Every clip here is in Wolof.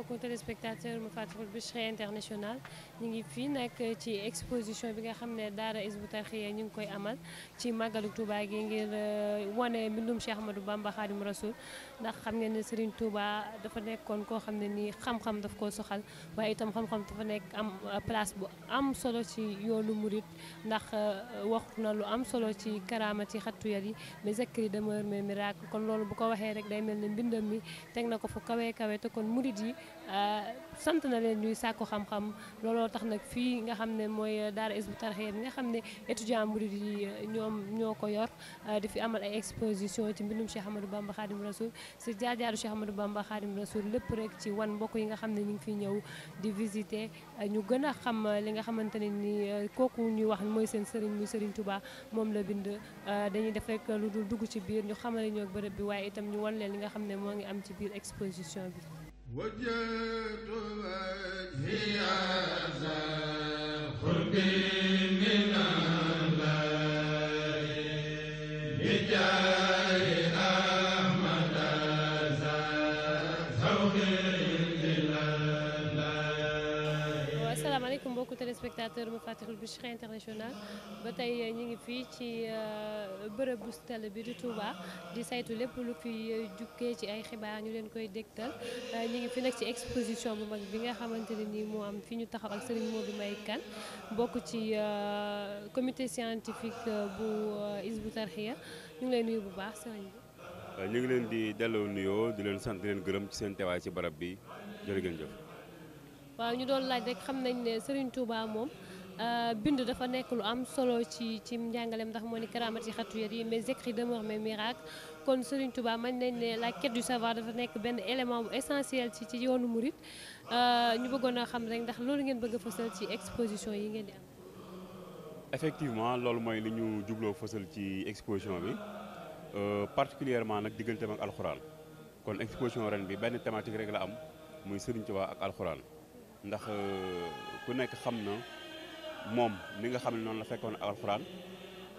mbokku téléspectateur mu fàttali Bichri International ñu ngi fii nekk ci exposition bi nga xam ne daara Hizbut Tarqiyyah ñu ngi koy amal ci màggalu Tuubaa gi ngir wane mbindum Cheikh Ahmadou Bamba Xaadimu Rasuul ndax xam ngeen ne Serigne Touba dafa nekkoon koo xam ne nii xam-xam daf koo soxal waaye itam xam-xam dafa nekk am euh, place bu am solo ci yoonu murit ndax euh, wax na lu am solo ci karaama ci xattu yar yi mais zakri demeure mais miracle kon loolu bu ko waxee rek day mel ne mbindam mi teg na ko fu kawee kawe te kon murit yi euh, sant na leen ñuy sàkku xam-xam looloo tax nag fii nga xam ne mooy euh, daara Hizbut bi nga xam ne étudiant murid yi euh, ñoom ñoo ko yor euh, di fi amal ay exposition ci mbindum Cheikh Ahmadou Bamba Khadim Rasoul si jaar-jaaru Cheikh Ahmadou Bamba Khadim Rasoul lépp rekk ci wan mbokk yi nga xam ne ñu ngi fiy ñëw di visiter ñu gën a xam li nga xamante nii ni kooku ñuy wax mooy seen sëriñ muy sëriñ Touba moom la bind dañuy def rek lu dul dugg ci biir ñu xamale ñoo bërëb bi waaye itam ñu wan leen li nga xam ne moo ngi am ci biir exposition bi وجهت وجهي ذا قربي téléspectateur Mafatihul Bichri international ba tey ñu ngi fii ci euh, bërëb bu sell bi di Touba di saytu lépp lu fi jukkee ci ay xibaar ñu leen koy dégtal euh, ñu ngi fi nag ci exposition bu mag bi nga xamante ne nii moo am fi ñu taxaw ak Serigne Modou Mbaye Kane bokk ci euh, comité scientifique bu Hizbut ñu ngi bu baax Serigne ñu ngi leen di delloo nuyoo di leen sant di leen gërëm ci seen teewaay ci barab bi jërë ngeen jëf. waaw ñu doon laaj rek xam nañ ne Serigne Touba moom euh, bind dafa nekk lu am solo ci ci njàngaleem ndax moo ni karaamati xatu yar yi mais écrits demeurent mes miracles kon Serigne Touba mañ nañ ne la quête du savoir dafa nekk benn élément bu essentiel ci ci yoonu murit euh, ñu bëggoon a xam rek ndax loolu ngeen bëgg a fësal ci exposition yi ngeen di am. effectivement loolu mooy li ñu jubloo fësal ci exposition bi euh, particulièrement nag digganteem ak alxuraan kon exposition ren bi benn thématique rek la am muy Serigne Touba ak alxuraan. ndax euh, ku nekk xam na moom ni nga xam ne noonu la fekkoon alxuraan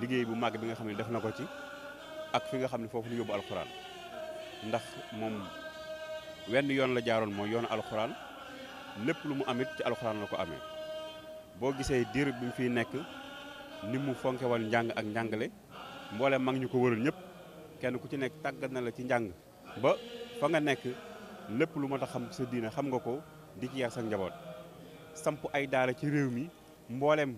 liggéey bu màgg bi nga xam ne def na ko ci ak fi nga xam ne foofu lu yóbbu alxuraan ndax moom wenn yoon la jaaroon mooy yoonu alxuraan lépp lu mu amit ci alxuraan la ko ame boo gisee diir bi fi nekk ni mu fonke woon njàng ak njàngale mboole mag ñu ko wëral ñëpp kenn ku ci nekk tàggat na la ci njàng ba fa nga nekk lépp lu ma tax xam sa xam nga ko di ci yar sa njaboot samp ay daara ci réew mi mboolem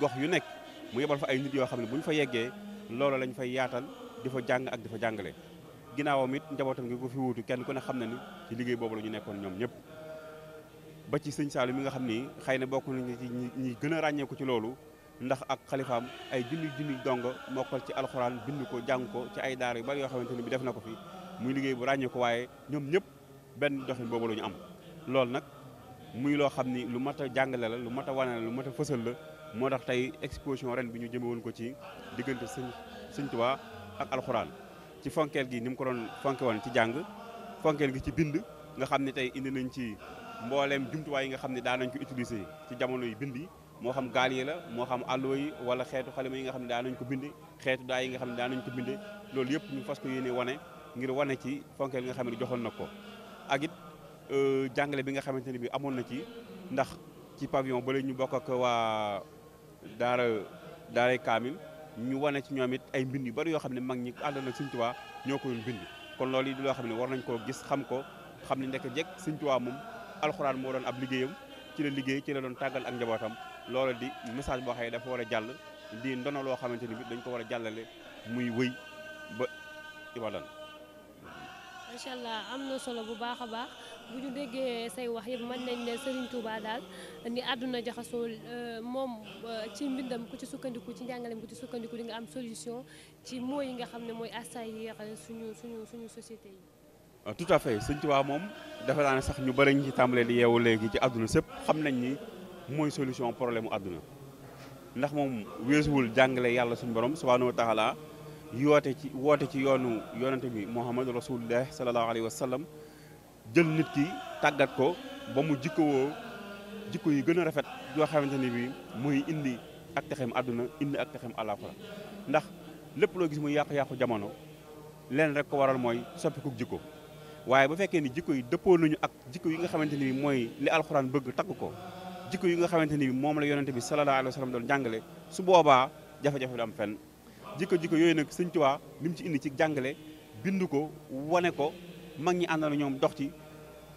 gox yu nekk mu yebal fa ay nit yoo xam ne bu fa yeggee loolu lañ fay yaatal di fa jàng ak di fa jàngale ginnaawam it njabootam gi ko fi wuutu kenn ku ne xam na ni ci liggéey boobu la ñu nekkoon ñoom ñëpp ba ci sëñ Saalum mi nga xam ni xëy na bokk nañu ci ñi gën a ràññeeku ci loolu ndax ak xalifaam ay junni junni dong mokkal ci alxuraan bind ko jàng ko ci ay daare yu bari yoo xamante ni bi def na ko fi mu liggéey bu ràññeeku waaye ñoom ñëpp benn doxin boobu la ñu am loolu nag muy loo xam ni lu mat a jàngale la lu mat a wane la lu mat a fësal la moo tax tey exposition ren bi ñu jëme ko ci diggante sëñ sëñ Tuubaa ak alxuraan ci fonkeel gi ni mu ko doon fonke woon ci jàng fonkeel gi ci bind nga xam ne tey indi nañ ci mbooleem jumtuwaay yi nga xam ne daanañ ko utiliser ci jamono yi bind yi moo xam gaal yi la moo xam àlloo yi wala xeetu xalima yi nga xam ne daanañ ko bind xeetu daay yi nga xam ne daanañ ko bind loolu yëpp ñu fas ko yéene wane ngir wane ci fonkeel nga xam ne joxoon na ko ak Euh, jàngale bi nga xamante ne bi amoon na ci ndax ci pavillon ba la ñu bokk ko waa daara daaray kaamil ñu wane ci ñoom it ay mbind yu bari yoo xam ne mag ñi ànd na Sëñ Tuubaa ñoo ko doon bind kon loolu yi di loo xam ne war nañ koo gis xam ko xam ne ndekk jekk Sëñ waa moom alxuraan moo doon ab liggéeyam ci la liggéey ci la doon tàggal ak njabootam loolu di message boo xam ne dafa war a jàll di ndono loo xamante ni bi dañ ko war a jàllale muy wëy ba ibadan macha allah am na solo bu baax a baax bu ñu déggee say wax yëpp mën nañ ne Serigne Touba daal ni àdduna jaxasoo euh, moom euh, ci mbindam ku ci sukkandiku ci njàngaleem ku ci sukkandiku di nga am solution ci mooy yi nga xam ne mooy assaillir suñu suñu suñu société yi. Euh, tout à fait Serigne Touba moom dafa daan sax ñu bëri ñu ci tàmbalee di yeewu léegi ci àdduna sëpp xam nañ ni mooy solution problème mu àdduna ndax moom weesuwul jàngale yàlla suñu borom subhanahu wa yoote ci woote ci yoonu yonante bi Muhammad rasulullah sallallahu alayhi wa sallam jël nit ki tàggat ko ba mu jikkowoo jikko yi gën a rafet yoo xamante ni bi muy indi ak texem àdduna indi ak texem àllaaxira ndax lépp loo gis muy yàqu jamono leen rek ko waral mooy soppiku jikko waaye bu fekkee ni jikko yi dëppoo nañu ak jikko yi nga xamante ni bi mooy li alxuraan bëgg tagg ko jikko yi nga xamante ni bi moom la yonante bi sallallahu alayhi wa sallam doon jàngale su boobaa jafe-jafe du jikko jikko yooyu nag sëñ Tuubaa li mu ci indi ci jàngale bindu ko wane ko mag ñi àndal ñoom dox ci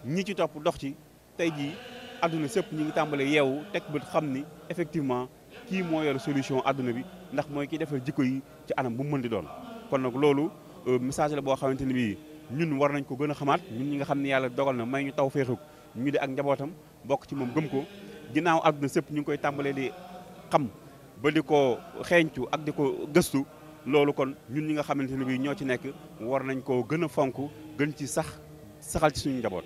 ñi ci topp dox ci tey jii àdduna sëpp ñi ngi tàmbale yeewu teg bët xam ni effectivement kii moo yor solution àdduna bi ndax mooy ki defar jikko yi ci anam bu mën di doon. kon nag loolu euh, message boo xamante ni bii ñun war nañ ko gën a xamaat ñun ñi nga xam ne yàlla dogal na may ñu taw féexug ñu di ak njabootam bokk ci moom gëm ko ginnaaw àdduna sëpp ñu ngi koy tàmbalee di xam. ba di ko xeeñtu ak di ko gëstu loolu kon ñun ñi nga xamante ni bi ñoo ci nekk war nañ koo gën a fonk gën ci sax saxal ci suñu njaboot.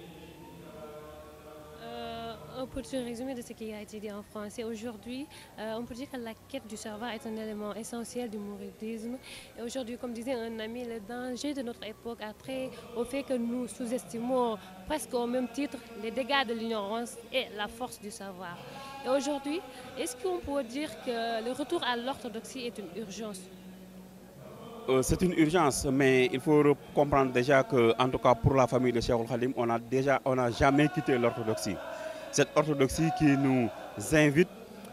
un euh, petit résumé de ce qui a été dit en français. Aujourd'hui, euh, on peut dire que la quête du savoir est un élément essentiel du mouridisme. Et aujourd'hui, comme disait un ami, le danger de notre époque après au fait que nous sous-estimons presque au même titre les dégâts de l'ignorance et la force du savoir. Et aujourd'hui, est-ce que le retour à l'orthodoxie est une urgence euh, mais il faut comprendre déjà que, en tout cas pour la famille de Cheikh cette orthodoxie qui nous invite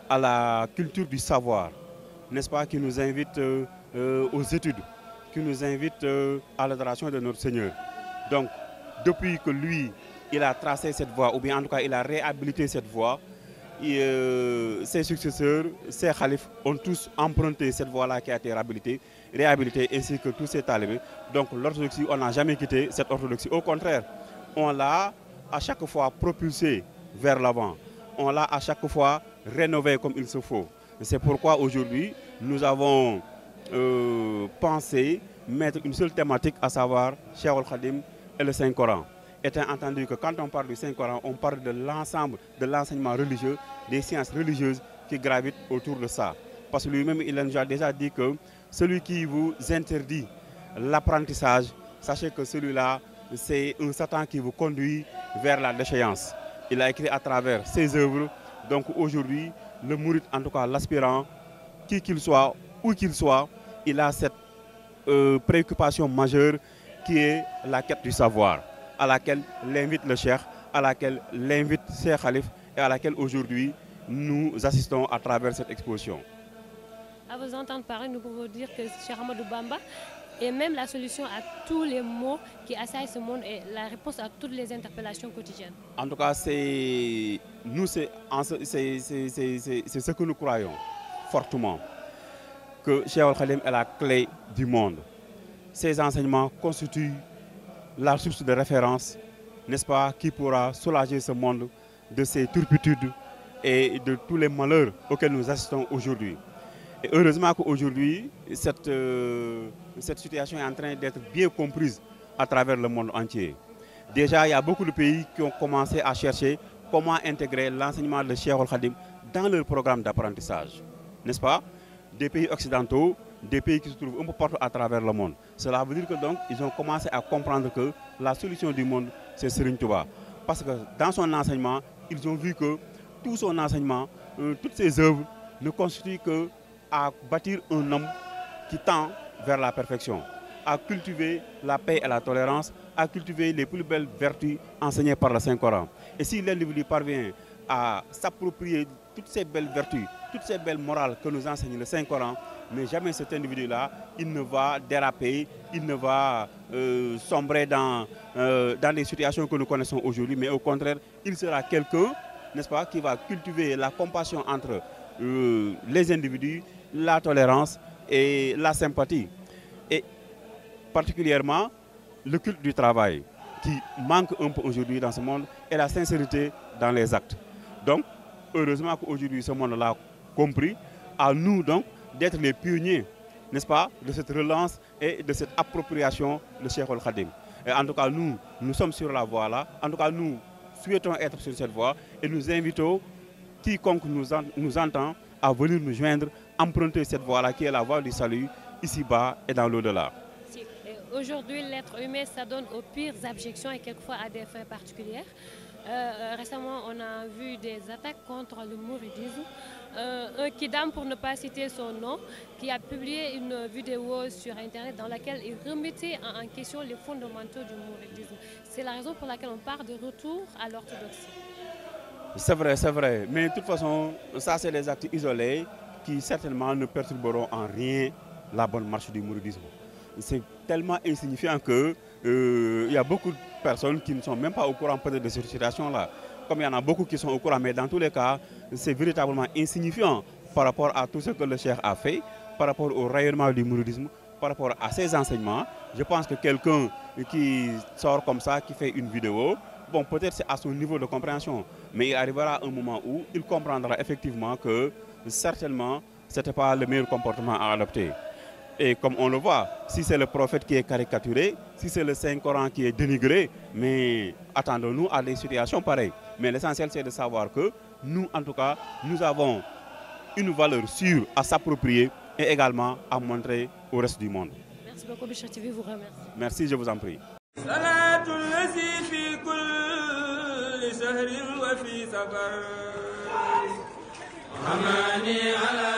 à la culture du savoir, n'est-ce pas, qui nous invite euh, euh, aux études, qui nous invite euh, à l'adoration de notre Seigneur. Donc, depuis que lui, il a tracé cette voie, ou bien en tout cas, il a réhabilité cette voie, et, euh, ses successeurs, ses khalifs ont tous emprunté cette voie-là qui a été réhabilitée, réhabilitée ainsi que tous ses talibés. Donc, l'orthodoxie, on n'a jamais quitté cette orthodoxie. Au contraire, on l'a à chaque fois propulsée vers l'avant. On l'a à chaque fois rénové comme il se faut. C'est pourquoi aujourd'hui, nous avons euh, pensé mettre une seule thématique, à savoir Cheikh Khadim et le Saint-Coran. Étant entendu que quand on parle du Saint-Coran, on parle de l'ensemble de l'enseignement religieux, des sciences religieuses qui gravitent autour de ça. Parce que lui-même, il a déjà dit que celui qui vous interdit l'apprentissage, sachez que celui-là, c'est un Satan qui vous conduit vers il a écrit à travers ses œuvres. Donc aujourd'hui, le mouride, en tout cas l'aspirant, qui qu'il soit, où qu'il soit, il a cette euh, préoccupation majeure qui est la quête du savoir, à laquelle l'invite le cheikh, à laquelle l'invite Cheikh Khalif et à laquelle aujourd'hui nous assistons à travers cette exposition. À vous entendre parler, nous pouvons dire que Cheikh Hamadou Bamba et même la solution à tous les maux qui assaillent ce monde et la réponse à toutes les interpellations quotidiennes. En tout cas, c'est nous, c'est ce que nous croyons fortement, que Cheikh Al-Khalim est la clé du monde. Ces enseignements constituent la source de référence, n'est-ce pas, qui pourra soulager ce monde de ses turpitudes et de tous les malheurs auxquels nous assistons aujourd'hui. Et heureusement qu'aujourd'hui, cette, euh, cette situation est en train d'être bien comprise à travers le monde entier. Déjà, il y a beaucoup de pays qui ont commencé à chercher comment intégrer l'enseignement de Cheikh Al-Khadim dans leur programme d'apprentissage. N'est-ce pas Des pays occidentaux, des pays qui se trouvent un peu partout à travers le monde. Cela veut dire que donc, ils ont commencé à comprendre que la solution du monde, c'est Serine que dans son enseignement, ils ont que tout son enseignement, euh, toutes ses œuvres que à bâtir un homme qui tend vers la perfection, à cultiver la paix et la tolérance, à cultiver les plus belles vertus enseignées par le Saint-Coran. Et si l'individu parvient à s'approprier toutes ces belles vertus, toutes ces belles morales que nous enseigne le Saint-Coran, mais jamais cet individu-là, il ne va déraper, il ne va euh, sombrer dans, euh, dans les situations que nous connaissons aujourd'hui, mais au contraire, il sera quelqu'un, n'est-ce pas, qui va cultiver la compassion entre euh, les individus la tolérance et la sympathie. Et particulièrement, le culte du travail qui manque un peu aujourd'hui dans ce monde et la sincérité dans les actes. Donc, heureusement qu'aujourd'hui ce monde l'a compris, à nous donc d'être les pionniers, n'est-ce pas, de cette relance et de cette appropriation de Cheikh khadim Et en tout cas, nous, nous sommes sur la voie là. En tout cas, nous souhaitons être sur cette voie et nous invitons quiconque nous, en, à venir nous emprunter cette voie-là qui est la voie du salut ici-bas et dans l'au-delà. Euh, aujourd'hui, l'être humain s'adonne aux pires abjections et quelquefois à des fins particulières. Euh, euh, récemment, on a vu des attaques contre le mouridisme. Euh, un pour ne pas citer son nom, qui a publié une vidéo sur Internet dans laquelle il remettait en, en question les fondamentaux du mouridisme. C'est la raison pour laquelle on part de retour à l'orthodoxie. C'est vrai, c'est Mais de toute façon, qui certainement ne perturberont en rien la bonne marche du mouridisme. C'est tellement insignifiant que euh, il y a beaucoup de personnes qui ne sont même pas au courant de cette situation-là. Comme il y en a beaucoup qui sont au courant, mais dans tous les cas, c'est véritablement insignifiant par rapport à tout ce que le chef a fait, par rapport au rayonnement du mouridisme, par rapport à ses enseignements. Je pense que quelqu'un qui sort comme ça, qui fait une de compréhension, certainement, ce n'était pas le meilleur comportement à adopter. Et comme on le voit, si c'est le prophète qui est caricaturé, si c'est le Saint-Coran qui est dénigré, mais attendons à des situations pareilles. Mais l'essentiel, c'est de savoir que nous, en tout cas, nous avons une valeur sûre à s'approprier et également à montrer au reste du monde. Merci beaucoup, Bichir TV, vous remercie. Merci, amani ala